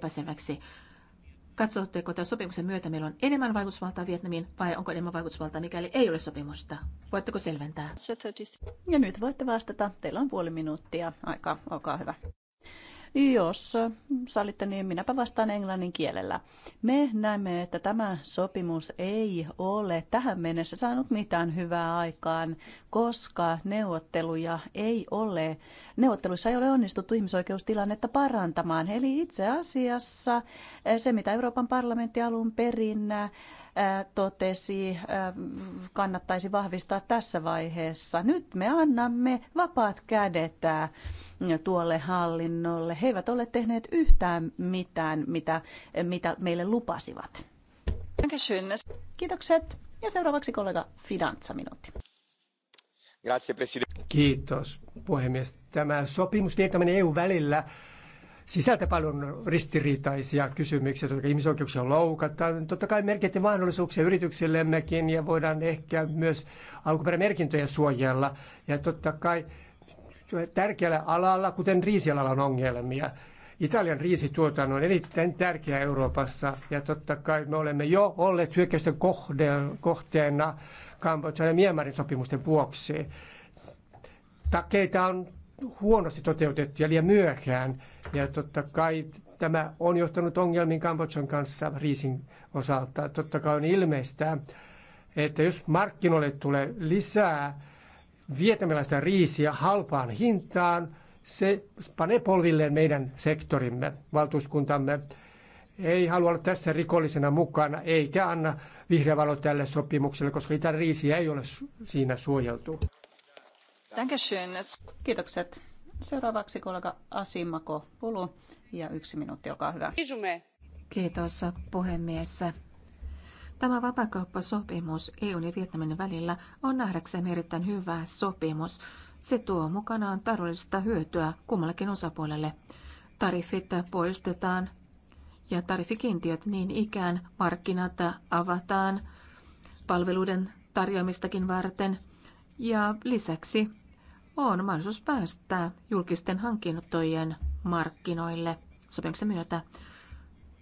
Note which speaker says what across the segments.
Speaker 1: epäselväksi. Katsotteko tämän sopimuksen myötä meillä on enemmän vaikutusvaltaa Vietnamiin vai onko enemmän vaikutusvaltaa, mikäli ei ole sopimusta? Voitteko selventää? Ja nyt voitte vastata.
Speaker 2: Teillä on puoli minuuttia. Aika, olkaa hyvä. Jos sallitte, niin minäpä vastaan englannin kielellä. Me näemme, että tämä sopimus ei ole tähän mennessä saanut mitään hyvää aikaan, koska neuvotteluja ei ole, neuvotteluissa ei ole onnistuttu ihmisoikeustilannetta parantamaan. Eli itse asiassa eh, se, mitä Euroopan parlamentti alun perin eh, totesi, eh, kannattaisi vahvistaa tässä vaiheessa. Nyt me annamme vapaat kädet tuolle hallinnolle. He eivät ole tehneet yhtään mitään, mitä, mitä meille lupasivat. Kiitokset. Ja seuraavaksi kollega Fidanza minuutti.
Speaker 3: Kiitos puhemies. Tämä sopimus Vietnamin EU välillä sisältä paljon ristiriitaisia kysymyksiä, jotka ihmisoikeuksia loukataan. Totta kai merkitti mahdollisuuksia yrityksillemmekin ja voidaan ehkä myös alkuperämerkintöjä suojella. Ja totta kai tärkeällä alalla, kuten riisialalla on ongelmia. Italian riisituotanto on erittäin tärkeä Euroopassa ja totta kai me olemme jo olleet hyökkäysten kohteena Kambodjan ja Myanmarin sopimusten vuoksi. Takeita on huonosti toteutettu ja liian myöhään ja totta kai tämä on johtanut ongelmiin Kambodjan kanssa riisin osalta. Totta kai on ilmeistä, että jos markkinoille tulee lisää vietnamilaista riisiä halpaan hintaan. Se panee polvilleen meidän sektorimme, valtuuskuntamme. Ei halua olla tässä rikollisena mukana, eikä anna vihreä valo tälle sopimukselle, koska itä riisiä ei ole siinä suojeltu.
Speaker 2: Kiitokset. Seuraavaksi kollega Asimako Pulu ja yksi minuutti, olkaa hyvä.
Speaker 1: Kiitos puhemies. Tämä vapakauppasopimus EUn ja Vietnamin välillä on nähdäkseen erittäin hyvä sopimus. Se tuo mukanaan taloudellista hyötyä kummallakin osapuolelle. Tarifit poistetaan ja tarifikiintiöt niin ikään markkinat avataan palveluiden tarjoamistakin varten. Ja lisäksi on mahdollisuus päästää julkisten hankintojen markkinoille sopimuksen myötä.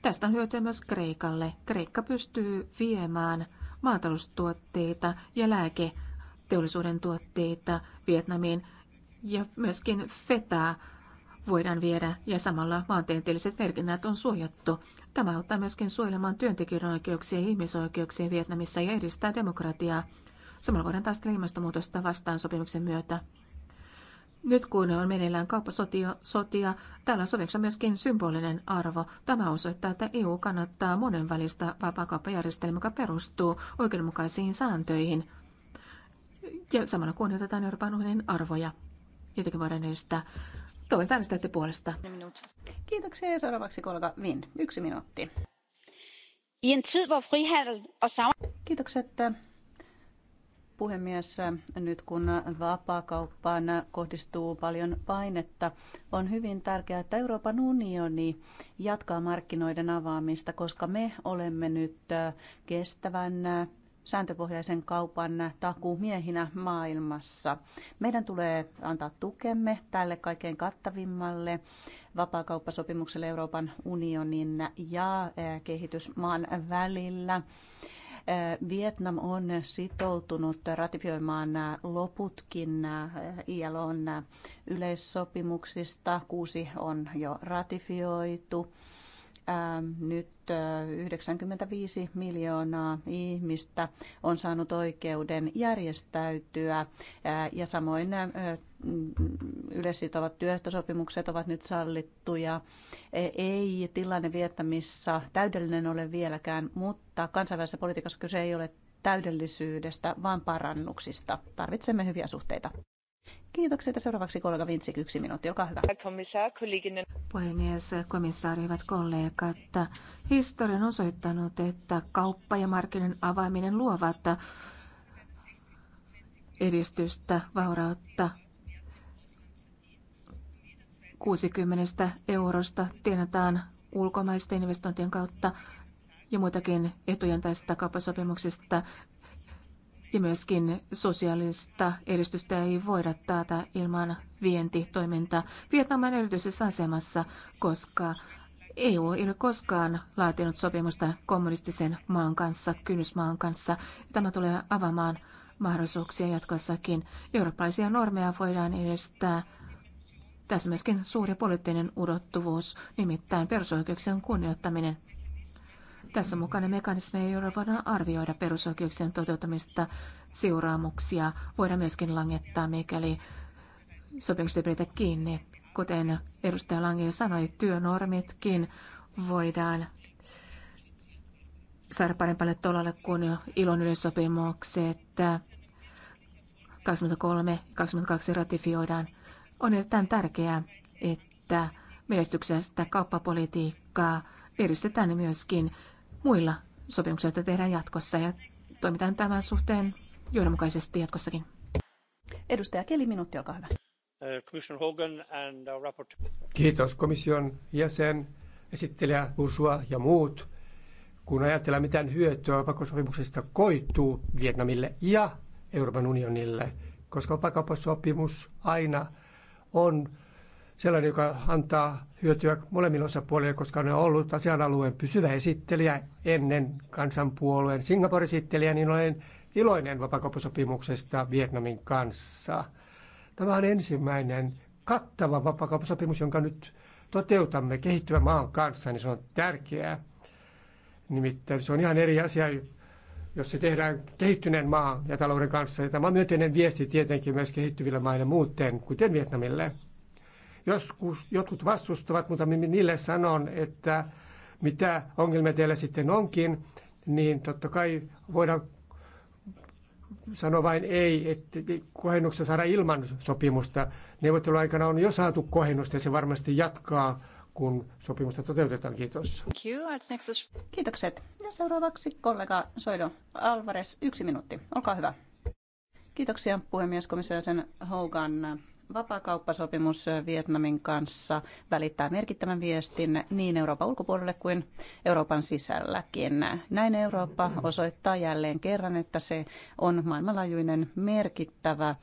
Speaker 1: Tästä on hyötyä myös Kreikalle. Kreikka pystyy viemään maataloustuotteita ja lääketeollisuuden tuotteita Vietnamiin ja myöskin fetaa voidaan viedä ja samalla maantieteelliset merkinnät on suojattu. Tämä auttaa myöskin suojelemaan työntekijöiden oikeuksia ja ihmisoikeuksia Vietnamissa ja edistää demokratiaa. Samalla voidaan taistella ilmastonmuutosta vastaan sopimuksen myötä. Nyt kun on meneillään kauppasotia, sotia, tällä soviksa myöskin symbolinen arvo. Tämä osoittaa, että EU kannattaa monenvälistä vapaakauppajärjestelmää, joka perustuu oikeudenmukaisiin sääntöihin. Ja samalla kunnioitetaan Euroopan unionin arvoja. Jotenkin voidaan edistää. Toivon, että äänestätte puolesta.
Speaker 2: Kiitoksia ja seuraavaksi kollega Vin. Yksi minuutti. Kiitokset puhemies. Nyt kun vapaakauppaan kohdistuu paljon painetta, on hyvin tärkeää, että Euroopan unioni jatkaa markkinoiden avaamista, koska me olemme nyt kestävän sääntöpohjaisen kaupan takuumiehinä maailmassa. Meidän tulee antaa tukemme tälle kaikkein kattavimmalle vapaakauppasopimukselle Euroopan unionin ja eh, kehitysmaan välillä. Vietnam on sitoutunut ratifioimaan loputkin ILOn yleissopimuksista. Kuusi on jo ratifioitu Ähm, nyt 95 äh, miljoonaa ihmistä on saanut oikeuden järjestäytyä äh, ja samoin äh, yleissitovat työehtosopimukset ovat nyt sallittuja. E, ei tilanne viettämissä täydellinen ole vieläkään, mutta kansainvälisessä politiikassa kyse ei ole täydellisyydestä, vaan parannuksista. Tarvitsemme hyviä suhteita. Kiitokset ja seuraavaksi kollega Vintsik, yksi minuutti, olkaa hyvä.
Speaker 1: Puhemies, komissaari, hyvät kollegat, historia on osoittanut, että kauppa ja markkinoiden avaaminen luovat edistystä, vaurautta. 60 eurosta tienataan ulkomaisten investointien kautta ja muitakin etujen tästä kauppasopimuksesta ja myöskin sosiaalista edistystä ei voida taata ilman vientitoimintaa. Vietnam on erityisessä asemassa, koska EU ei ole koskaan laatinut sopimusta kommunistisen maan kanssa, kynnysmaan kanssa. Tämä tulee avaamaan mahdollisuuksia jatkossakin. Eurooppalaisia normeja voidaan edistää. Tässä myöskin suuri poliittinen udottuvuus, nimittäin perusoikeuksien kunnioittaminen. Tässä mukana mekanismeja, joilla voidaan arvioida perusoikeuksien toteutumista seuraamuksia, voidaan myöskin langettaa, mikäli sopimukset ei kiinni. Kuten edustaja Lange jo sanoi, työnormitkin voidaan saada parempalle tolalle kuin ilon yleissopimukset 23-22 ratifioidaan. On erittäin tärkeää, että menestyksestä kauppapolitiikkaa edistetään myöskin muilla sopimuksilla, joita tehdään jatkossa ja toimitaan tämän suhteen johdonmukaisesti jatkossakin. Edustaja Keli, minuutti, olkaa hyvä. Uh,
Speaker 3: Kiitos komission jäsen, esittelijä Ursua ja muut. Kun ajatellaan, mitä hyötyä vapaakauppasopimuksesta koituu Vietnamille ja Euroopan unionille, koska vapaakauppasopimus aina on sellainen, joka antaa hyötyä molemmille osapuolille, koska ne on ollut asian alueen pysyvä esittelijä ennen kansanpuolueen singapore esittelijä, niin olen iloinen vapakauppasopimuksesta Vietnamin kanssa. Tämä on ensimmäinen kattava vapakauppasopimus, jonka nyt toteutamme kehittyvän maan kanssa, niin se on tärkeää. Nimittäin se on ihan eri asia, jos se tehdään kehittyneen maan ja talouden kanssa. Ja tämä on myönteinen viesti tietenkin myös kehittyville maille muuten, kuten Vietnamille. Joskus jotkut vastustavat, mutta minä niille sanon, että mitä ongelmia teillä sitten onkin, niin totta kai voidaan sanoa vain ei, että kohennuksessa saada ilman sopimusta. Neuvotteluaikana on jo saatu kohennusta ja se varmasti jatkaa, kun sopimusta toteutetaan. Kiitos.
Speaker 2: Kiitokset. Ja seuraavaksi kollega Soido Alvarez, yksi minuutti. Olkaa hyvä. Kiitoksia puhemies komission sen Hogan. Vapaakauppasopimus Vietnamin kanssa välittää merkittävän viestin niin Euroopan ulkopuolelle kuin Euroopan sisälläkin. Näin Eurooppa osoittaa jälleen kerran, että se on maailmanlaajuinen merkittävä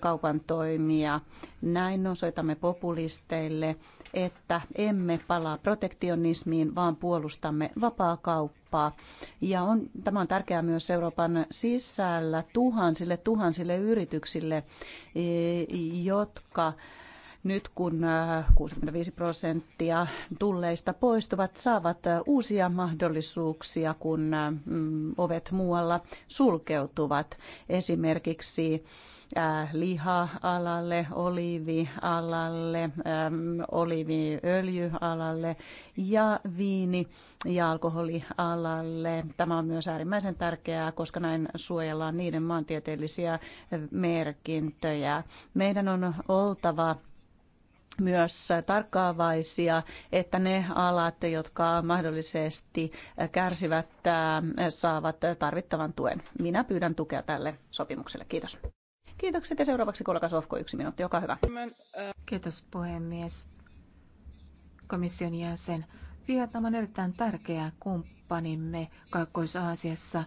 Speaker 2: kaupan toimia. Näin osoitamme populisteille, että emme palaa protektionismiin, vaan puolustamme vapaa kauppaa. Ja on, tämä on tärkeää myös Euroopan sisällä tuhansille tuhansille yrityksille, jotka nyt kun 65 äh, prosenttia tulleista poistuvat, saavat äh, uusia mahdollisuuksia, kun äh, mm, ovet muualla sulkeutuvat. Esimerkiksi Äh, liha-alalle, oliivialalle, oliiviöljyalalle ja viini- ja alkoholialalle. Tämä on myös äärimmäisen tärkeää, koska näin suojellaan niiden maantieteellisiä merkintöjä. Meidän on oltava myös tarkkaavaisia, että ne alat, jotka mahdollisesti kärsivät, äh, saavat tarvittavan tuen. Minä pyydän tukea tälle sopimukselle. Kiitos. Kiitokset ja seuraavaksi kollega Sofko, yksi minuutti, joka hyvä.
Speaker 1: Kiitos puhemies. Komission jäsen. Vietnam on erittäin tärkeä kumppanimme Kaakkois-Aasiassa.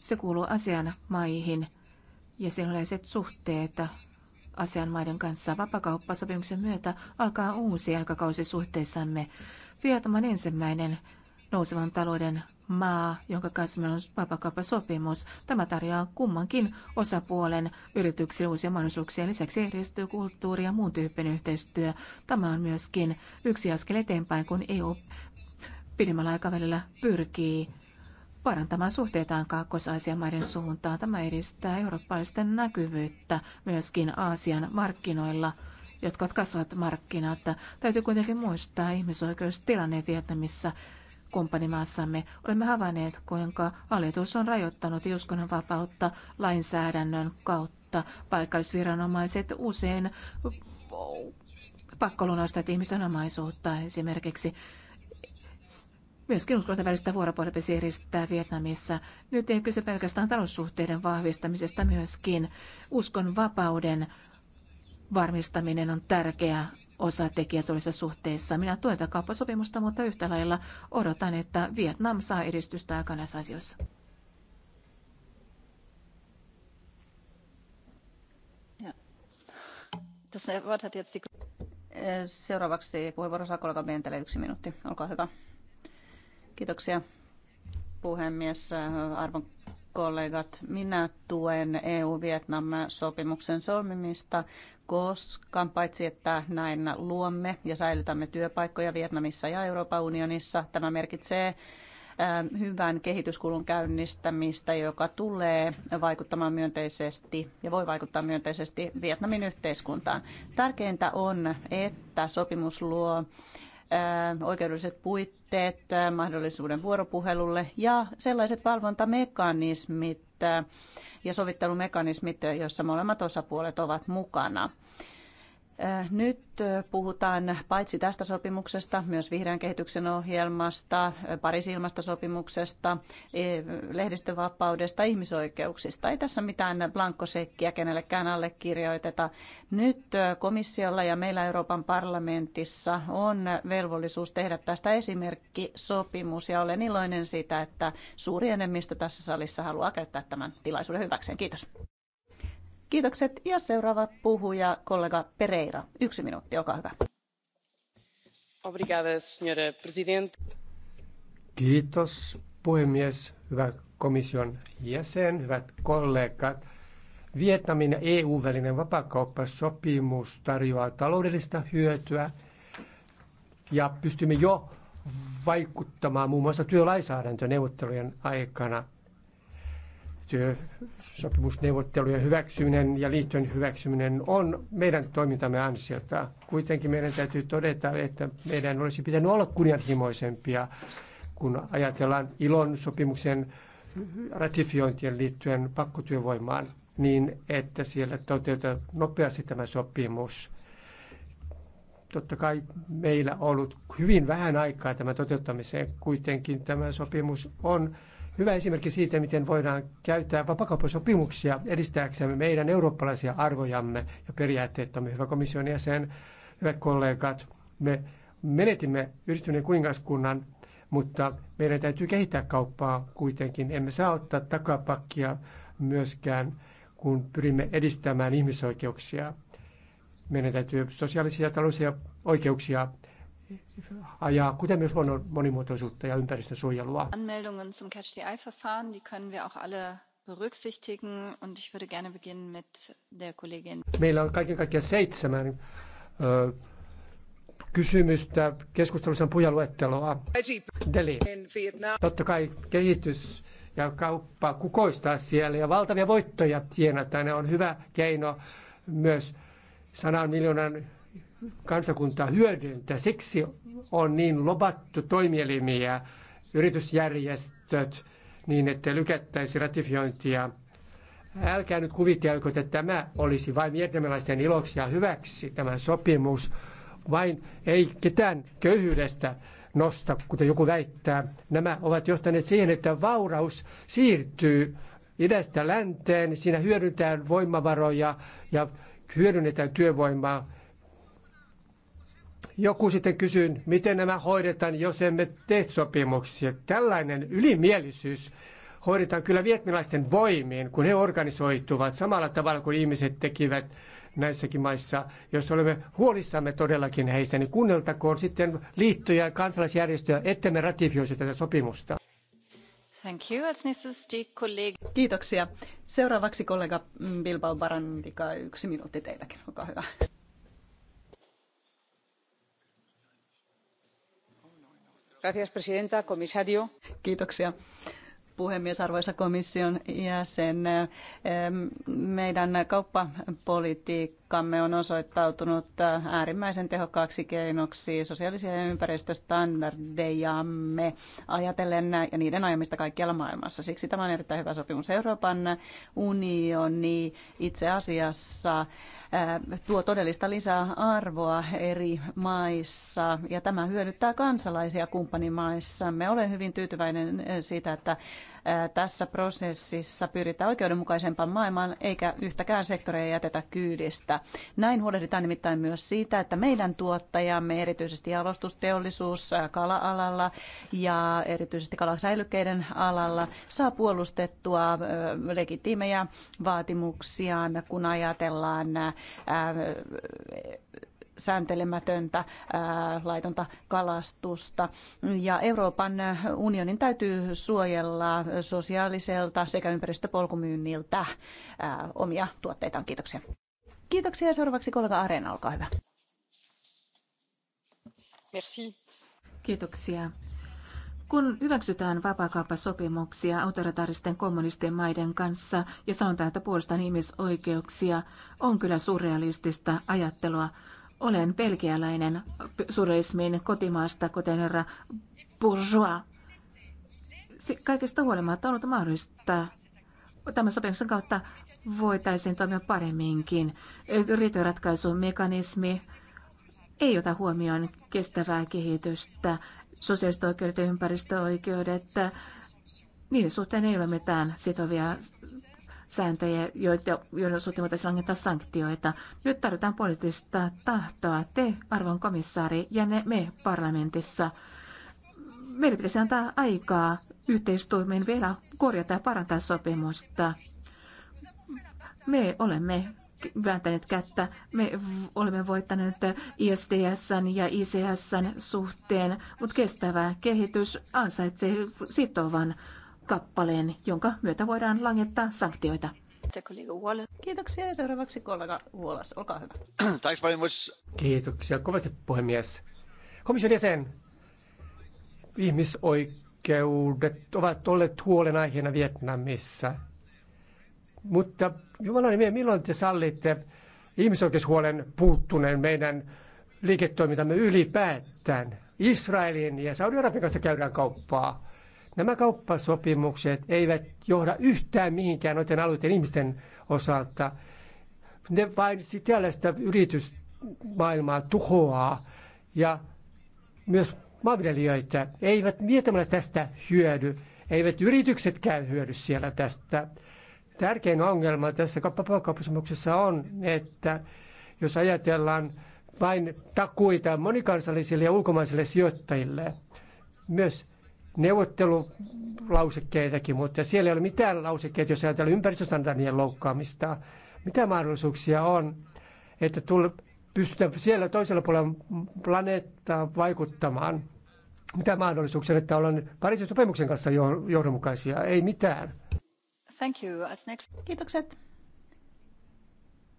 Speaker 1: Se kuuluu asian maihin ja sinulaiset suhteet asian maiden kanssa. Vapakauppasopimuksen myötä alkaa uusi aikakausi suhteissamme. Vietnam on ensimmäinen nousevan talouden maa, jonka kanssa meillä on sopimus. Tämä tarjoaa kummankin osapuolen yrityksille uusia mahdollisuuksia. Lisäksi järjestö, kulttuuri ja muun tyyppinen yhteistyö. Tämä on myöskin yksi askel eteenpäin, kun EU pidemmällä aikavälillä pyrkii parantamaan suhteitaan kaakkois-Aasian maiden suuntaan. Tämä edistää eurooppalaisten näkyvyyttä myöskin Aasian markkinoilla jotka kasvavat markkinat. Täytyy kuitenkin muistaa ihmisoikeustilanne Vietnamissa kumppanimaassamme. Olemme havainneet, kuinka hallitus on rajoittanut vapautta lainsäädännön kautta. Paikallisviranomaiset usein pakkolunastavat ihmisten omaisuutta esimerkiksi. Myöskin uskonnon välistä vuoropuhelua Vietnamissa. Nyt ei kyse pelkästään taloussuhteiden vahvistamisesta, myöskin uskon vapauden varmistaminen on tärkeä osatekijä olisivat suhteessa. Minä tuen tätä kauppasopimusta, mutta yhtä lailla odotan, että Vietnam saa edistystä aikaan näissä asioissa.
Speaker 2: Seuraavaksi puheenvuoro saa kollega Bentele yksi minuutti. Olkaa hyvä. Kiitoksia puhemies, arvon kollegat, minä tuen EU-Vietnam-sopimuksen solmimista, koska paitsi että näin luomme ja säilytämme työpaikkoja Vietnamissa ja Euroopan unionissa, tämä merkitsee hyvän kehityskulun käynnistämistä, joka tulee vaikuttamaan myönteisesti ja voi vaikuttaa myönteisesti Vietnamin yhteiskuntaan. Tärkeintä on, että sopimus luo oikeudelliset puitteet mahdollisuuden vuoropuhelulle ja sellaiset valvontamekanismit ja sovittelumekanismit, joissa molemmat osapuolet ovat mukana. Äh, nyt äh, puhutaan paitsi tästä sopimuksesta, myös vihreän kehityksen ohjelmasta, äh, Pariisin ilmastosopimuksesta, e, lehdistövapaudesta, ihmisoikeuksista. Ei tässä mitään blankkosekkiä kenellekään allekirjoiteta. Nyt komissiolla ja meillä Euroopan parlamentissa on velvollisuus tehdä tästä sopimus ja olen iloinen siitä, että suuri enemmistö tässä salissa haluaa käyttää tämän tilaisuuden hyväkseen. Kiitos. Kiitokset ja seuraava puhuja kollega Pereira. Yksi minuutti, olkaa hyvä.
Speaker 1: Obrigada, signora president.
Speaker 3: Kiitos puhemies, hyvä komission jäsen, hyvät kollegat. Vietnamin ja EU-välinen vapakauppasopimus tarjoaa taloudellista hyötyä ja pystymme jo vaikuttamaan muun muassa työlainsäädäntöneuvottelujen aikana – työsopimusneuvotteluja hyväksyminen ja liittojen hyväksyminen on meidän toimintamme ansiota. Kuitenkin meidän täytyy todeta, että meidän olisi pitänyt olla kunnianhimoisempia, kun ajatellaan ilon sopimuksen ratifiointien liittyen pakkotyövoimaan, niin että siellä toteutetaan nopeasti tämä sopimus. Totta kai meillä on ollut hyvin vähän aikaa tämän toteuttamiseen. Kuitenkin tämä sopimus on hyvä esimerkki siitä, miten voidaan käyttää vapakauppasopimuksia edistääksemme meidän eurooppalaisia arvojamme ja periaatteettamme. Hyvä komission jäsen, hyvät kollegat, me menetimme yhdistyneen kuningaskunnan, mutta meidän täytyy kehittää kauppaa kuitenkin. Emme saa ottaa takapakkia myöskään, kun pyrimme edistämään ihmisoikeuksia. Meidän täytyy sosiaalisia ja taloudellisia oikeuksia ajaa, kuten myös luonnon monimuotoisuutta ja ympäristön suojelua.
Speaker 1: Anmeldungen zum Catch the Eye-Verfahren, die können wir auch alle berücksichtigen und ich würde gerne beginnen mit der Kollegin.
Speaker 3: Meillä on kaiken kaikkiaan seitsemän ö, kysymystä keskustelussa pujaluetteloa. Deli. Totta kai kehitys ja kauppa kukoistaa siellä ja valtavia voittoja tienataan. Ne on hyvä keino myös sanan miljoonan kansakuntaa hyödyntää. Siksi on niin lobattu toimielimiä, yritysjärjestöt, niin että lykättäisi ratifiointia. Älkää nyt kuvitelko, että tämä olisi vain vietnamilaisten iloksi ja hyväksi tämä sopimus. Vain ei ketään köyhyydestä nosta, kuten joku väittää. Nämä ovat johtaneet siihen, että vauraus siirtyy idästä länteen. Siinä hyödyntää voimavaroja ja hyödynnetään työvoimaa joku sitten kysyy, miten nämä hoidetaan, jos emme tee sopimuksia. Tällainen ylimielisyys hoidetaan kyllä vietnilaisten voimiin, kun he organisoituvat samalla tavalla kuin ihmiset tekivät näissäkin maissa. Jos olemme huolissamme todellakin heistä, niin kuunneltakoon sitten liittoja ja kansalaisjärjestöjä, ettemme ratifioisi tätä sopimusta. Thank you.
Speaker 2: Kiitoksia. Seuraavaksi kollega Bilbao Barandika, yksi minuutti teilläkin, olkaa hyvä. Gracias, presidenta, komissario. Kiitoksia puhemies, arvoisa komission jäsen. Meidän kauppapolitiikka politiikkamme on osoittautunut äärimmäisen tehokkaaksi keinoksi sosiaalisia ja ympäristöstandardejamme ajatellen ja niiden ajamista kaikkialla maailmassa. Siksi tämä on erittäin hyvä sopimus. Euroopan unioni itse asiassa tuo todellista lisää arvoa eri maissa ja tämä hyödyttää kansalaisia kumppanimaissamme. Olen hyvin tyytyväinen siitä, että tässä prosessissa pyritään oikeudenmukaisempaan maailmaan eikä yhtäkään sektoria jätetä kyydistä. Näin huolehditaan nimittäin myös siitä, että meidän tuottajamme, erityisesti jalostusteollisuus kala-alalla ja erityisesti kalasäilykkeiden alalla, saa puolustettua legitiimejä vaatimuksiaan, kun ajatellaan sääntelemätöntä laitonta kalastusta. Ja Euroopan unionin täytyy suojella sosiaaliselta sekä ympäristöpolkumyynniltä omia tuotteitaan. Kiitoksia. Kiitoksia.
Speaker 1: Seuraavaksi kollega Areena, olkaa hyvä. Merci. Kiitoksia. Kun hyväksytään vapaakauppasopimuksia autoritaaristen kommunistien maiden kanssa ja sanotaan, että puolustan ihmisoikeuksia, on kyllä surrealistista ajattelua. Olen belgialainen surismin kotimaasta, kuten herra Bourgeois. Kaikesta huolimatta on ollut mahdollista tämän sopimuksen kautta voitaisiin toimia paremminkin. Riitojenratkaisun mekanismi ei ota huomioon kestävää kehitystä, sosiaaliset oikeudet ja ympäristöoikeudet. Niiden suhteen ei ole mitään sitovia sääntöjä, joita, joilla suhteen voitaisiin sanktioita. Nyt tarvitaan poliittista tahtoa. Te, arvon komissaari, ja ne, me parlamentissa. Meidän pitäisi antaa aikaa yhteistoimien vielä korjata ja parantaa sopimusta. Me olemme vääntäneet kättä. Me olemme voittaneet ISDS ja ICS suhteen, mutta kestävä kehitys ansaitsee sitovan kappaleen, jonka myötä voidaan langettaa sanktioita.
Speaker 2: Kiitoksia ja seuraavaksi kollega Vuolas,
Speaker 3: olkaa hyvä. Kiitoksia kovasti puhemies. Komission jäsen, ihmisoikeudet ovat olleet huolenaiheena Vietnamissa. Mutta jumalani milloin te sallitte ihmisoikeushuolen puuttuneen meidän liiketoimintamme ylipäätään? Israelin ja Saudi-Arabian kanssa käydään kauppaa. Nämä kauppasopimukset eivät johda yhtään mihinkään noiden alueiden ihmisten osalta. Ne vain tällaista yritysmaailmaa tuhoaa ja myös maanviljelijöitä eivät mietimällä tästä hyödy. Eivät yrityksetkään hyödy siellä tästä. Tärkein ongelma tässä kauppasopimuksessa on, että jos ajatellaan vain takuita monikansallisille ja ulkomaisille sijoittajille, myös neuvottelulausekkeitakin, mutta siellä ei ole mitään lausekkeita, jos ajatellaan ympäristöstandardien loukkaamista. Mitä mahdollisuuksia on, että tulla, pystytään siellä toisella puolella planeettaa vaikuttamaan? Mitä mahdollisuuksia, että ollaan Pariisin sopimuksen kanssa johdonmukaisia? Ei mitään.
Speaker 2: Thank you. As next... Kiitokset.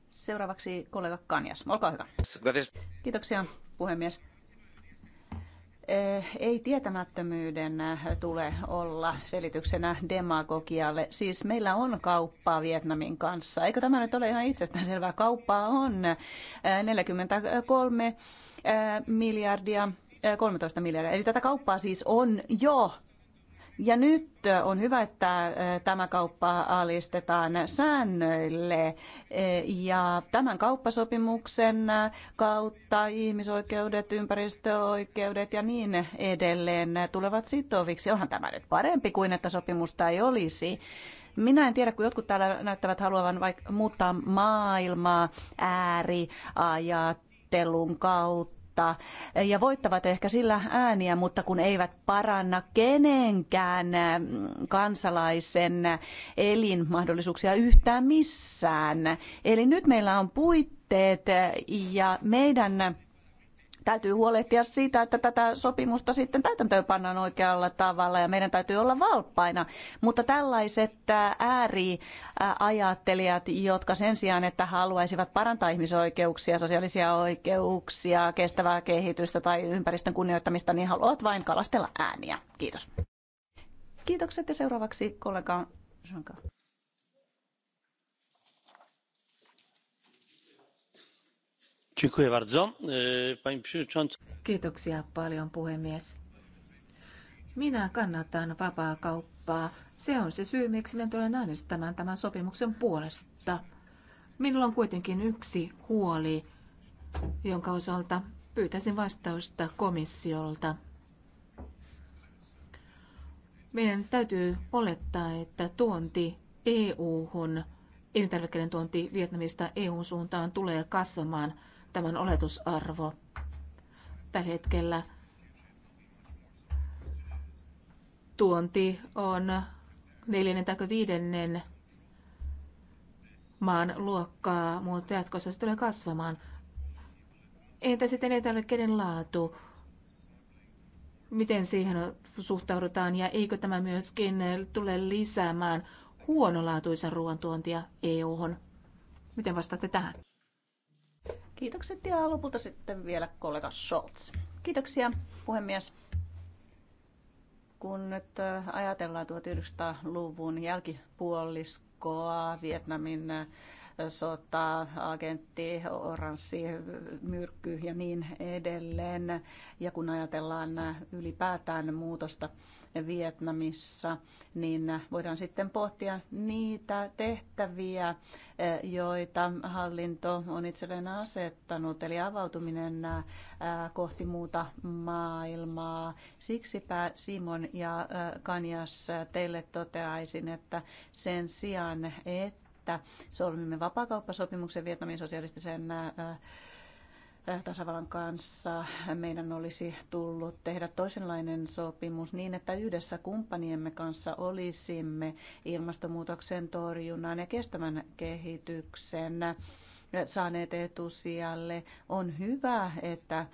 Speaker 2: Seuraavaksi kollega Kanjas, olkaa hyvä. Gracias. Kiitoksia puhemies. Eh, ei tietämättömyyden eh, tule olla selityksenä demagogialle. Siis meillä on kauppaa Vietnamin kanssa. Eikö tämä nyt ole ihan itsestäänselvää? Kauppaa on 43 eh, miljardia, 13 miljardia. Eli tätä kauppaa siis on jo ja nyt on hyvä, että tämä kauppa alistetaan säännöille ja tämän kauppasopimuksen kautta ihmisoikeudet, ympäristöoikeudet ja niin edelleen tulevat sitoviksi. Onhan tämä nyt parempi kuin, että sopimusta ei olisi. Minä en tiedä, kun jotkut täällä näyttävät haluavan vaikka muuttaa maailmaa ääriajattelun kautta voittaa. Ja voittavat ehkä sillä ääniä, mutta kun eivät paranna kenenkään kansalaisen elinmahdollisuuksia yhtään missään. Eli nyt meillä on puitteet ja meidän täytyy huolehtia siitä, että tätä sopimusta sitten täytäntöön pannaan oikealla tavalla ja meidän täytyy olla valppaina. Mutta tällaiset äh, ääriajattelijat, jotka sen sijaan, että haluaisivat parantaa ihmisoikeuksia, sosiaalisia oikeuksia, kestävää kehitystä tai ympäristön kunnioittamista, niin haluavat vain kalastella ääniä. Kiitos. Kiitokset ja seuraavaksi kollega
Speaker 1: Jean-Claude. Kiitoksia paljon puhemies. Minä kannatan vapaa kauppaa. Se on se syy, miksi minä tulen äänestämään tämän sopimuksen puolesta. Minulla on kuitenkin yksi huoli, jonka osalta pyytäisin vastausta komissiolta. Meidän täytyy olettaa, että tuonti EU-hun, elintarvikkeiden tuonti Vietnamista EU-suuntaan tulee kasvamaan – tämän oletusarvo. Tällä hetkellä tuonti on neljännen tai viidennen maan luokkaa, mutta jatkossa se tulee kasvamaan. Entä sitten elintarvikkeiden laatu? Miten siihen suhtaudutaan ja eikö tämä myöskin tule lisäämään huonolaatuisen ruoantuontia tuontia e eu hon Miten vastaatte tähän?
Speaker 2: Kiitokset ja lopulta sitten vielä kollega Scholz. Kiitoksia puhemies. Kun nyt äh, ajatellaan 1900-luvun jälkipuoliskoa, Vietnamin äh, sota, agentti, oranssi, myrkky ja niin edelleen. Ja kun ajatellaan ylipäätään muutosta Vietnamissa, niin voidaan sitten pohtia niitä tehtäviä, joita hallinto on itselleen asettanut, eli avautuminen kohti muuta maailmaa. Siksipä Simon ja Kanjas teille toteaisin, että sen sijaan, että että solmimme vapakauppasopimuksen Vietnamin sosialistisen äh, äh, tasavallan kanssa meidän olisi tullut tehdä toisenlainen sopimus niin, että yhdessä kumppaniemme kanssa olisimme ilmastonmuutoksen torjunnan ja kestävän kehityksen saaneet etusijalle. On hyvä, että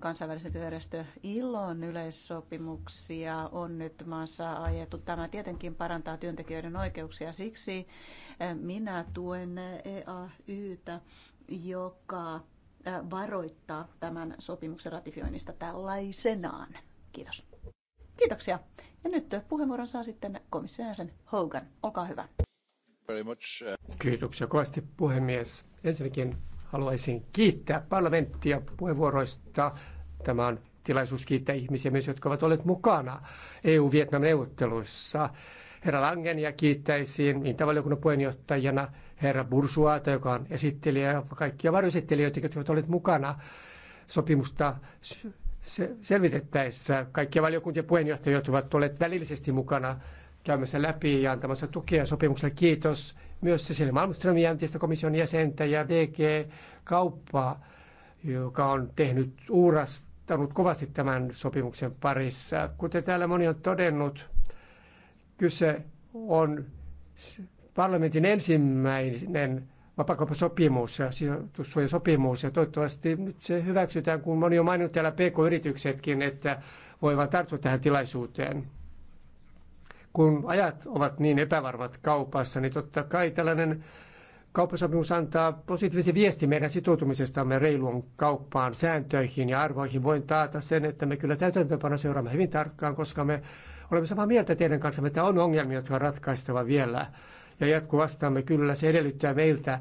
Speaker 2: kansainvälisen työjärjestö ILOn yleissopimuksia on nyt maassa ajettu. Tämä tietenkin parantaa työntekijöiden oikeuksia. Siksi minä tuen EAYtä, joka varoittaa tämän sopimuksen ratifioinnista tällaisenaan. Kiitos. Kiitoksia. Ja nyt puheenvuoron saa sitten komission jäsen Hogan. Olkaa hyvä.
Speaker 3: Uh, Kiitoksia kovasti puhemies. Ensinnäkin haluaisin kiittää parlamenttia puheenvuoroista. Tämä on tilaisuus kiittää ihmisiä myös, jotka ovat olleet mukana EU-Vietnam-neuvotteluissa. Herra ja kiittäisin Intavaliokunnan puheenjohtajana, herra Bursuata, joka on esittelijä ja kaikkia varjoesittelijöitä, jotka ovat olleet mukana sopimusta selvitettäessä. Kaikkia valiokuntien jotka ovat olleet välillisesti mukana sen läpi ja antamassa tukea sopimukselle. Kiitos myös Cecilia Malmströmiä, entistä komission jäsentä ja DG Kauppaa, joka on tehnyt uurastanut kovasti tämän sopimuksen parissa. Kuten täällä moni on todennut, kyse on parlamentin ensimmäinen vapakauppasopimus ja sijoitussuojasopimus. Ja toivottavasti nyt se hyväksytään, kun moni on maininnut täällä PK-yrityksetkin, että voivat tarttua tähän tilaisuuteen. Kun ajat ovat niin epävarmat kaupassa, niin totta kai tällainen kauppasopimus antaa positiivisen viesti meidän sitoutumisestamme reiluun kauppaan, sääntöihin ja arvoihin. Voin taata sen, että me kyllä täytäntöönpano seuraamme hyvin tarkkaan, koska me olemme samaa mieltä teidän kanssa, että on ongelmia, jotka on ratkaistava vielä. Ja jatkuvastaamme kyllä, se edellyttää meiltä,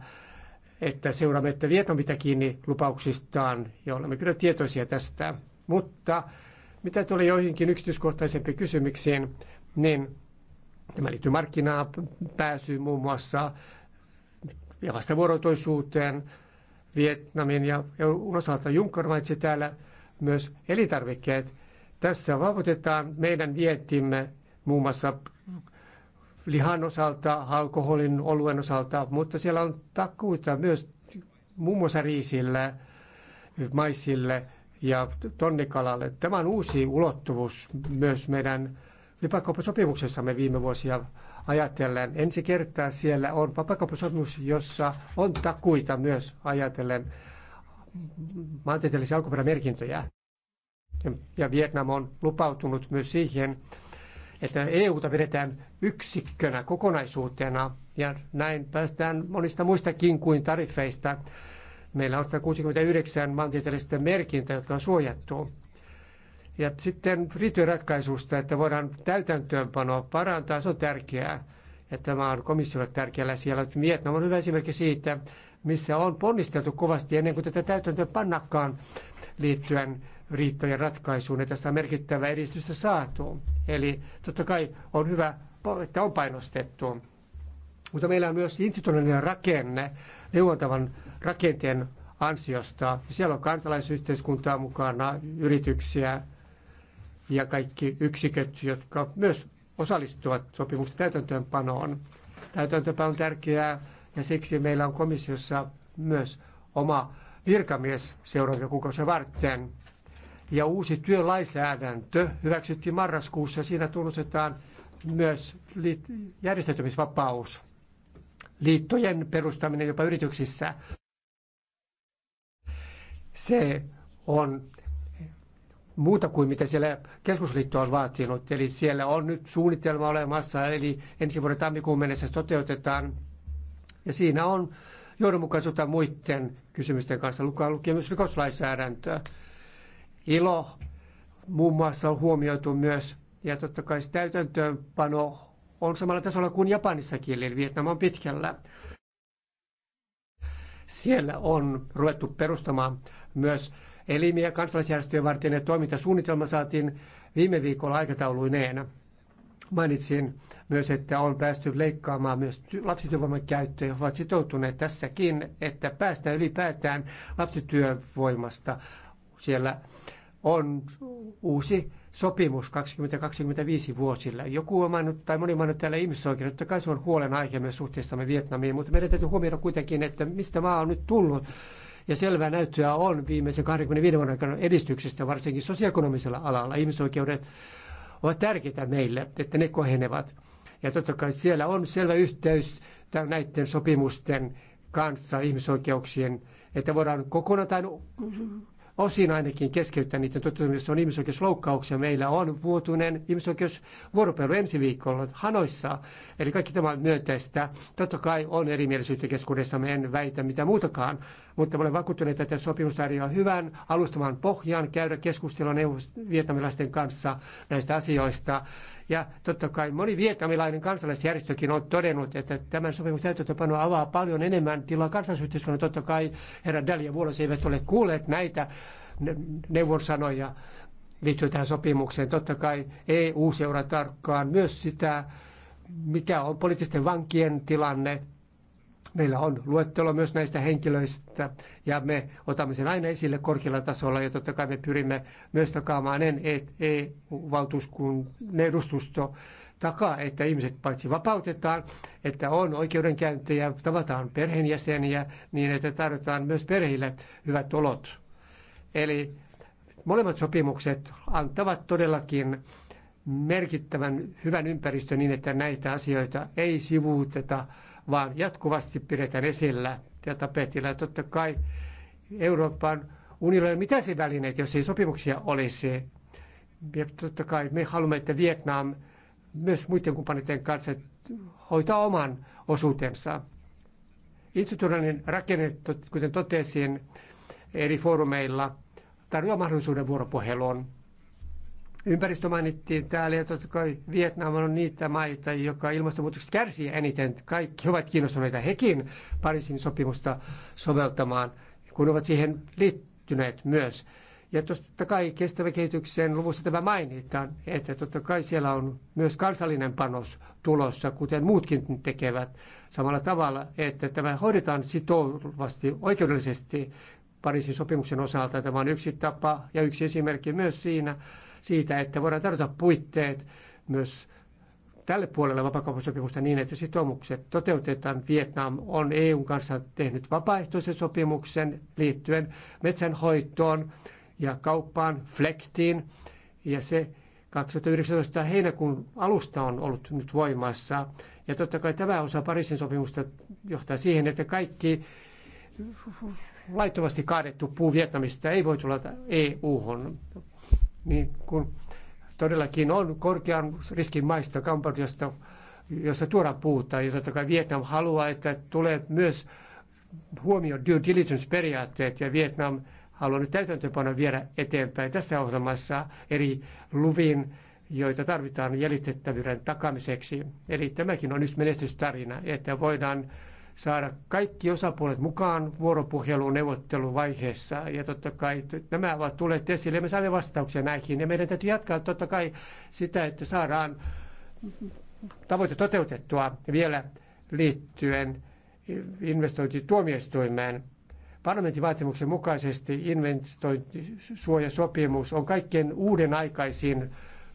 Speaker 3: että seuraamme, että Vietnam pitää kiinni lupauksistaan, ja olemme kyllä tietoisia tästä. Mutta mitä tuli joihinkin yksityiskohtaisempiin kysymyksiin, niin Tämä liittyy markkinaa pääsyyn muun muassa ja vastavuoroisuuteen Vietnamin ja Unosalta osalta. Juncker mainitsi täällä myös elintarvikkeet. Tässä vauvoitetaan meidän vientimme muun muassa lihan osalta, alkoholin, oluen osalta, mutta siellä on takuita myös muun muassa riisille, maisille ja tonnikalalle. Tämä on uusi ulottuvuus myös meidän vapaakauppasopimuksessamme viime vuosia ajatellen. Ensi kertaa siellä on vapaakauppasopimus, jossa on takuita myös ajatellen maantieteellisiä alkuperämerkintöjä. Ja Vietnam on lupautunut myös siihen, että EUta vedetään yksikkönä, kokonaisuutena, ja näin päästään monista muistakin kuin tarifeista. Meillä on 169 maantieteellistä merkintä, jotka on suojattu. Ja sitten riittyy ratkaisusta, että voidaan täytäntöönpanoa parantaa, se on tärkeää. Ja tämä on komissiolle tärkeällä siellä. Vietnam no, on hyvä esimerkki siitä, missä on ponnisteltu kovasti ennen kuin tätä täytäntöä pannakaan liittyen riittojen ratkaisuun. Ja tässä on merkittävä edistystä saatu. Eli totta kai on hyvä, että on painostettu. Mutta meillä on myös institutionaalinen rakenne neuvontavan rakenteen ansiosta. Siellä on kansalaisyhteiskuntaa mukana, yrityksiä, ja kaikki yksiköt, jotka myös osallistuvat sopimuksen täytäntöönpanoon. Täytäntöönpano on tärkeää ja siksi meillä on komissiossa myös oma virkamies seuraavia kuukausia varten. Ja uusi työlainsäädäntö hyväksyttiin marraskuussa. Siinä tunnustetaan myös järjestäytymisvapaus, liittojen perustaminen jopa yrityksissä. Se on muuta kuin mitä siellä keskusliitto on vaatinut. Eli siellä on nyt suunnitelma olemassa, eli ensi vuoden tammikuun mennessä se toteutetaan. Ja siinä on johdonmukaisuutta muiden kysymysten kanssa, lukaan lukien myös rikoslainsäädäntöä. ILO muun muassa on huomioitu myös, ja totta kai se täytäntöönpano on samalla tasolla kuin Japanissakin, eli Vietnam on pitkällä. Siellä on ruvettu perustamaan myös elimiä kansalaisjärjestöjen varten ja toimintasuunnitelma saatiin viime viikolla aikatauluineen. Mainitsin myös, että on päästy leikkaamaan myös lapsityövoiman käyttöä ja ovat sitoutuneet tässäkin, että päästään ylipäätään lapsityövoimasta. Siellä on uusi sopimus 2025 vuosille. Joku on mainittu, tai moni on täällä ihmisoikeudet, totta kai se on huolenaihe myös suhteestamme Vietnamiin, mutta meidän täytyy huomioida kuitenkin, että mistä maa on nyt tullut ja selvää näyttöä on viimeisen 25 vuoden aikana edistyksestä, varsinkin sosioekonomisella alalla. Ihmisoikeudet ovat tärkeitä meille, että ne kohenevat. Ja totta kai siellä on selvä yhteys näiden sopimusten kanssa ihmisoikeuksien, että voidaan kokonaan tai osin ainakin keskeyttää niiden toteutumista on ihmisoikeusloukkauksia. Meillä on vuotuinen ihmisoikeusvuoropelu ensi viikolla Hanoissa, eli kaikki tämä on myönteistä. Totta kai on erimielisyyttä keskuudessa, me en väitä mitä muutakaan, mutta olen vakuuttunut, että sopimus tarjoaa hyvän alustavan pohjan käydä keskustelua neuvos- kanssa näistä asioista ja totta kai moni vietnamilainen kansalaisjärjestökin on todennut, että tämän sopimuksen täytäntöpano avaa paljon enemmän tilaa kansalaisyhteiskunnan. Totta kai herra Dali ja Vuolos eivät ole kuulleet näitä neuvonsanoja liittyen tähän sopimukseen. Totta kai EU seuraa tarkkaan myös sitä, mikä on poliittisten vankien tilanne, Meillä on luettelo myös näistä henkilöistä ja me otamme sen aina esille korkealla tasolla ja totta kai me pyrimme myös takaamaan EU-valtuuskunnan edustusto takaa, että ihmiset paitsi vapautetaan, että on oikeudenkäyntejä, tavataan perheenjäseniä niin, että tarjotaan myös perheille hyvät olot. Eli molemmat sopimukset antavat todellakin merkittävän hyvän ympäristön niin, että näitä asioita ei sivuuteta vaan jatkuvasti pidetään esillä ja tapetilla. Ja totta kai Euroopan unionilla mitä se välineet, jos ei sopimuksia olisi. Ja totta kai me haluamme, että Vietnam myös muiden kumppaneiden kanssa hoitaa oman osuutensa. Institutionaalinen rakenne, kuten totesin, eri foorumeilla tarjoaa mahdollisuuden vuoropuheluun Ympäristö mainittiin täällä ja totta kai Vietnam on niitä maita, joka ilmastonmuutoksesta kärsii eniten. Kaikki ovat kiinnostuneita hekin Pariisin sopimusta soveltamaan, kun ovat siihen liittyneet myös. Ja totta kai kestävän kehityksen luvussa tämä mainitaan, että totta kai siellä on myös kansallinen panos tulossa, kuten muutkin tekevät samalla tavalla, että tämä hoidetaan sitouvasti oikeudellisesti Pariisin sopimuksen osalta. Tämä on yksi tapa ja yksi esimerkki myös siinä, siitä, että voidaan tarjota puitteet myös tälle puolelle vapakauppasopimusta niin, että sitoumukset toteutetaan. Vietnam on EUn kanssa tehnyt vapaaehtoisen sopimuksen liittyen metsänhoitoon ja kauppaan, flektiin, ja se 2019 heinäkuun alusta on ollut nyt voimassa. Ja totta kai tämä osa Pariisin sopimusta johtaa siihen, että kaikki laittomasti kaadettu puu Vietnamista ei voi tulla EU-hon niin kun todellakin on korkean riskin maista, Kambodjasta, jossa tuodaan puuta. Ja totta kai Vietnam haluaa, että tulee myös huomioon due diligence-periaatteet ja Vietnam haluaa nyt täytäntöpano viedä eteenpäin tässä ohjelmassa eri luvin, joita tarvitaan jäljitettävyyden takamiseksi. Eli tämäkin on yksi menestystarina, että voidaan saada kaikki osapuolet mukaan vuoropuheluun neuvotteluvaiheessa. Ja totta kai nämä ovat tulleet esille ja me saamme vastauksia näihin. Ja meidän täytyy jatkaa totta kai sitä, että saadaan tavoite toteutettua vielä liittyen investointituomioistuimeen. Parlamentin vaatimuksen mukaisesti investointisuojasopimus on kaikkein uuden aikaisin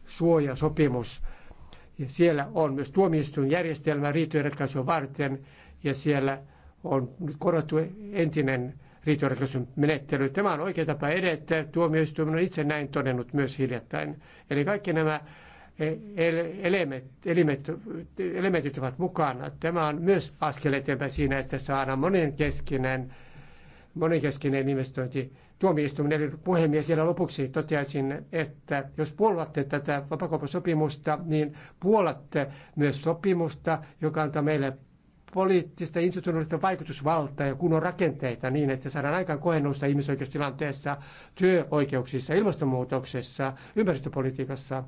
Speaker 3: suojasopimus. Ja siellä on myös tuomioistuinjärjestelmä ratkaisua varten ja siellä on nyt korjattu entinen riitojenratkaisun menettely. Tämä on oikea tapa edetä. Tuomioistuin on itse näin todennut myös hiljattain. Eli kaikki nämä e- elementit ovat mukana. Tämä on myös askel eteenpäin siinä, että saadaan monenkeskinen, monenkeskinen investointi tuomioistuimen eli puhemies vielä lopuksi toteaisin, että jos puolatte tätä vapakauppasopimusta, niin puolatte myös sopimusta, joka antaa meille poliittista institutionaalista vaikutusvaltaa ja kunnon rakenteita niin, että saadaan aikaan kohennusta ihmisoikeustilanteessa, työoikeuksissa, ilmastonmuutoksessa, ympäristöpolitiikassa,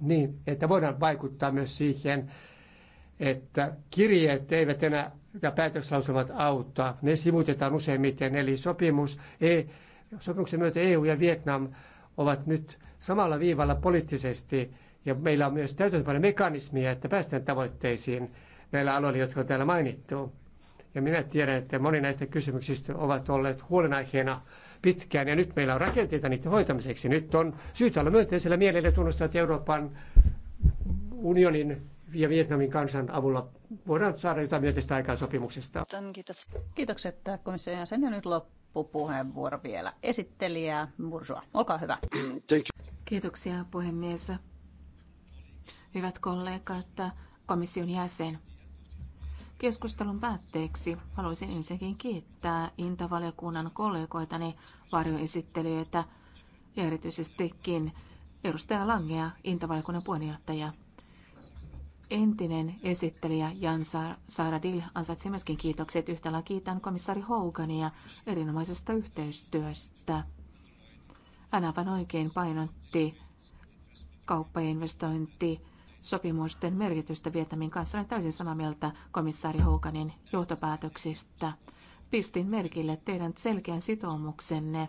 Speaker 3: niin että voidaan vaikuttaa myös siihen, että kirjeet eivät enää ja päätökslauselmat auttaa. Ne sivutetaan useimmiten, eli sopimus, ei, sopimuksen myötä EU ja Vietnam ovat nyt samalla viivalla poliittisesti, ja meillä on myös täytäntöpäinen mekanismia, että päästään tavoitteisiin näillä aloilla, jotka on täällä mainittu. Ja minä tiedän, että moni näistä kysymyksistä ovat olleet huolenaiheena pitkään, ja nyt meillä on rakenteita niiden hoitamiseksi. Nyt on syytä olla myönteisellä mielellä tunnustaa, että Euroopan unionin ja Vietnamin kansan avulla voidaan saada jotain myönteistä aikaa sopimuksesta. Kiitos.
Speaker 2: Kiitokset komission jäsen. Ja nyt loppupuheenvuoro vielä
Speaker 1: esittelijä Bursua. Olkaa hyvä. Kiitoksia puhemies. Hyvät kollegat, komission jäsen. Keskustelun päätteeksi haluaisin ensinnäkin kiittää Intavaliokunnan kollegoitani varjoesittelijöitä ja erityisestikin edustaja Langea, Intavaliokunnan puheenjohtaja. Entinen esittelijä Jan Saaradil ansaitsee myöskin kiitokset. lailla kiitän komissaari Hogania erinomaisesta yhteistyöstä. Hän aivan oikein painotti kauppainvestointi sopimusten merkitystä Vietnamin kanssa. Olen täysin samaa mieltä komissaari Hoganin johtopäätöksistä. Pistin merkille teidän selkeän sitoumuksenne,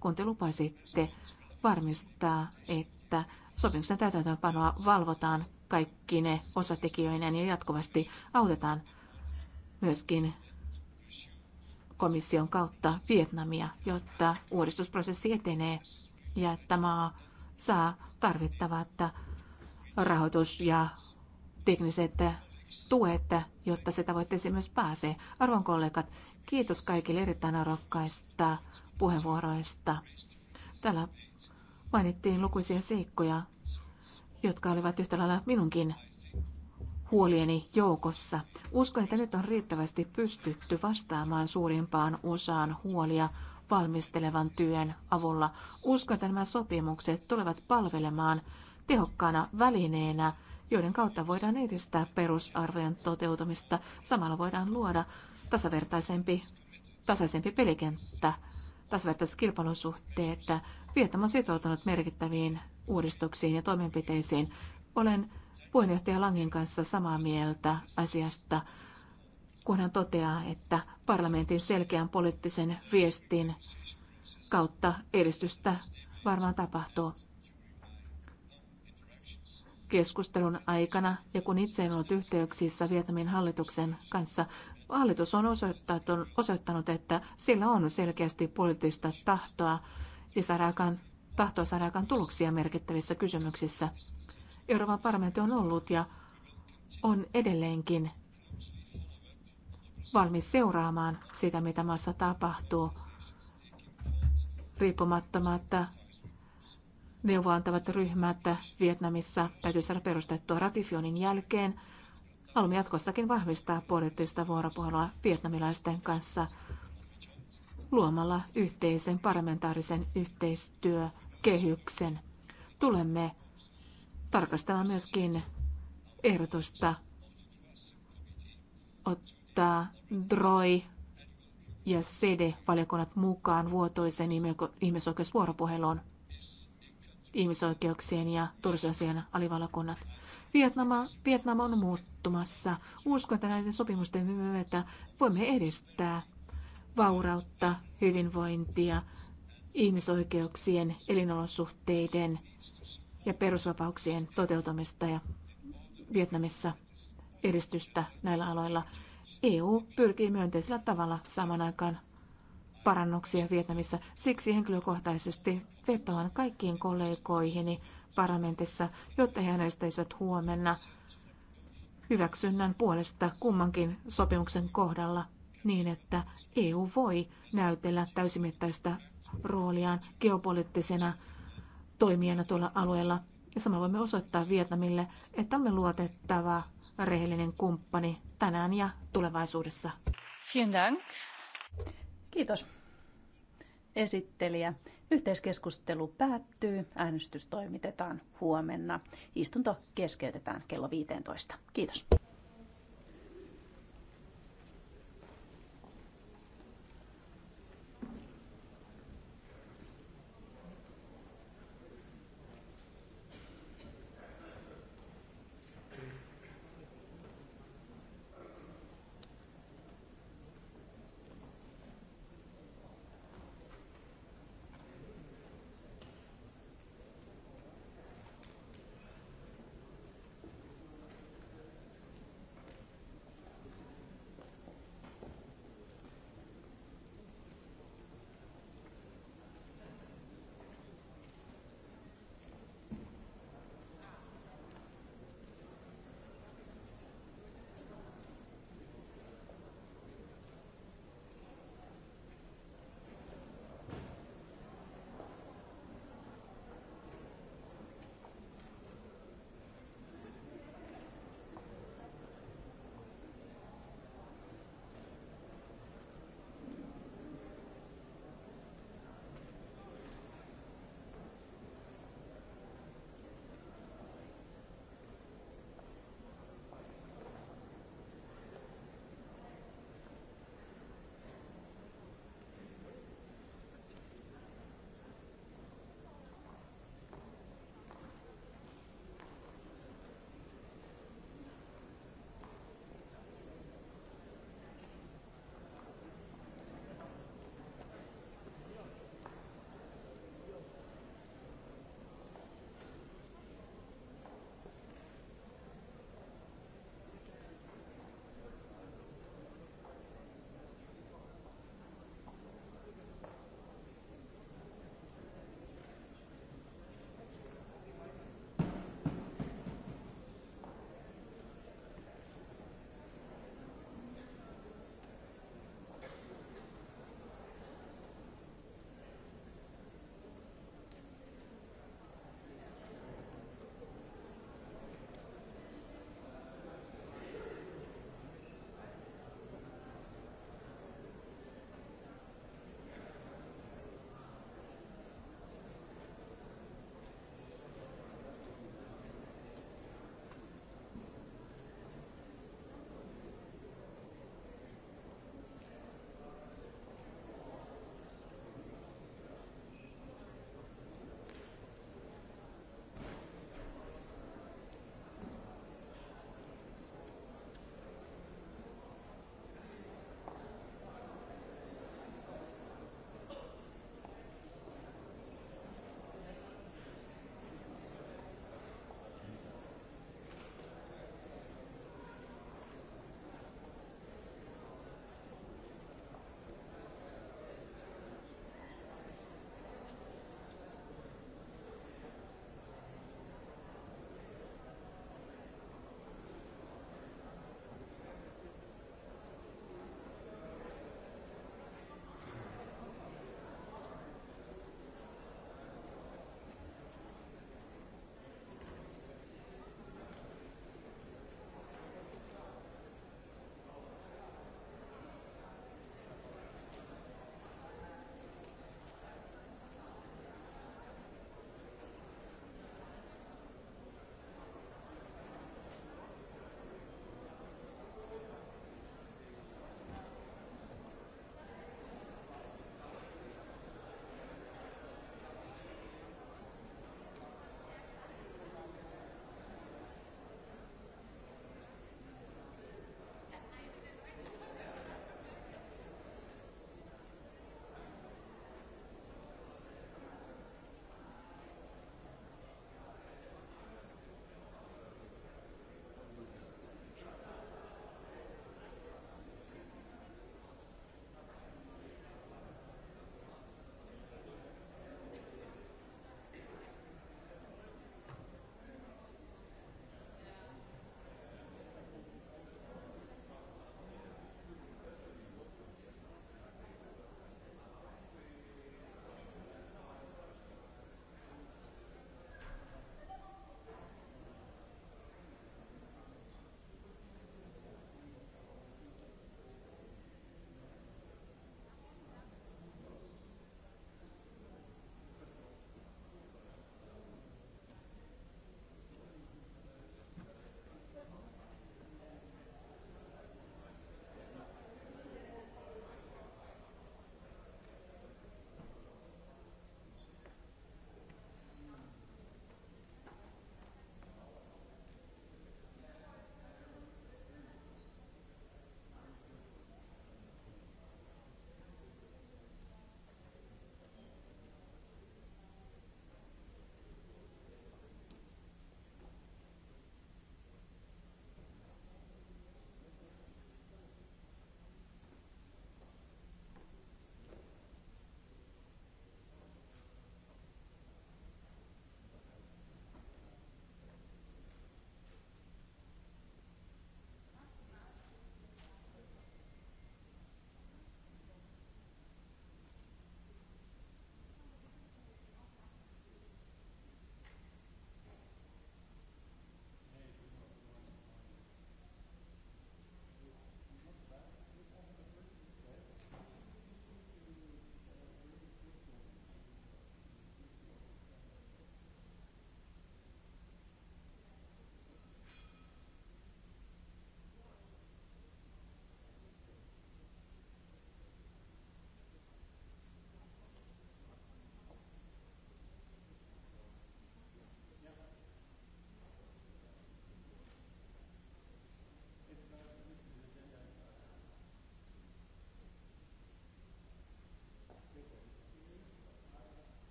Speaker 1: kun te lupasitte varmistaa, että sopimuksen täytäntöönpanoa valvotaan kaikki ne osatekijöineen ja jatkuvasti autetaan myöskin komission kautta Vietnamia, jotta uudistusprosessi etenee ja että maa saa tarvittavat rahoitus ja tekniset tuet, jotta se tavoitteeseen myös pääsee. Arvon kollegat, kiitos kaikille erittäin arvokkaista puheenvuoroista. Täällä mainittiin lukuisia seikkoja, jotka olivat yhtä lailla minunkin huolieni joukossa. Uskon, että nyt on riittävästi pystytty vastaamaan suurimpaan osaan huolia valmistelevan työn avulla. Uskon, että nämä sopimukset tulevat palvelemaan tehokkaana välineenä, joiden kautta voidaan edistää perusarvojen toteutumista. Samalla voidaan luoda tasavertaisempi, tasaisempi pelikenttä, tasavertaiset kilpailusuhteet. Vietnam on sitoutunut merkittäviin uudistuksiin ja toimenpiteisiin. Olen puheenjohtaja Langin kanssa samaa mieltä asiasta, kun hän toteaa, että parlamentin selkeän poliittisen viestin kautta edistystä varmaan tapahtuu keskustelun aikana ja kun itse en ollut yhteyksissä Vietnamin hallituksen kanssa, hallitus on osoittanut, että sillä on selkeästi poliittista tahtoa ja saadaan, tahtoa saadaan tuloksia merkittävissä kysymyksissä. Euroopan parlamentti on ollut ja on edelleenkin valmis seuraamaan sitä, mitä maassa tapahtuu. Riippumattomatta neuvoantavat ryhmät Vietnamissa täytyy saada perustettua ratifioinnin jälkeen. Haluamme jatkossakin vahvistaa poliittista vuoropuhelua vietnamilaisten kanssa luomalla yhteisen parlamentaarisen yhteistyökehyksen. Tulemme tarkastamaan myöskin ehdotusta ottaa DROI ja cd valiokunnat mukaan vuotoisen ihmisoikeusvuoropuheluun ihmisoikeuksien ja turvallisuusasian alivalokunnat. Vietnama, Vietnam on muuttumassa. Uskon, että näiden sopimusten myötä voimme edistää vaurautta, hyvinvointia, ihmisoikeuksien, elinolosuhteiden ja perusvapauksien toteutumista ja Vietnamissa edistystä näillä aloilla. EU pyrkii myönteisellä tavalla saman aikaan parannuksia Vietnamissa. Siksi henkilökohtaisesti vetoan kaikkiin kollegoihini parlamentissa, jotta he äänestäisivät huomenna hyväksynnän puolesta kummankin sopimuksen kohdalla niin, että EU voi näytellä täysimittaista rooliaan geopoliittisena toimijana tuolla alueella. Ja samalla voimme osoittaa Vietnamille, että olemme luotettava, rehellinen kumppani tänään ja tulevaisuudessa. Vielen Dank. Kiitos
Speaker 2: esittelijä. Yhteiskeskustelu päättyy. Äänestys toimitetaan huomenna. Istunto keskeytetään kello 15. Kiitos.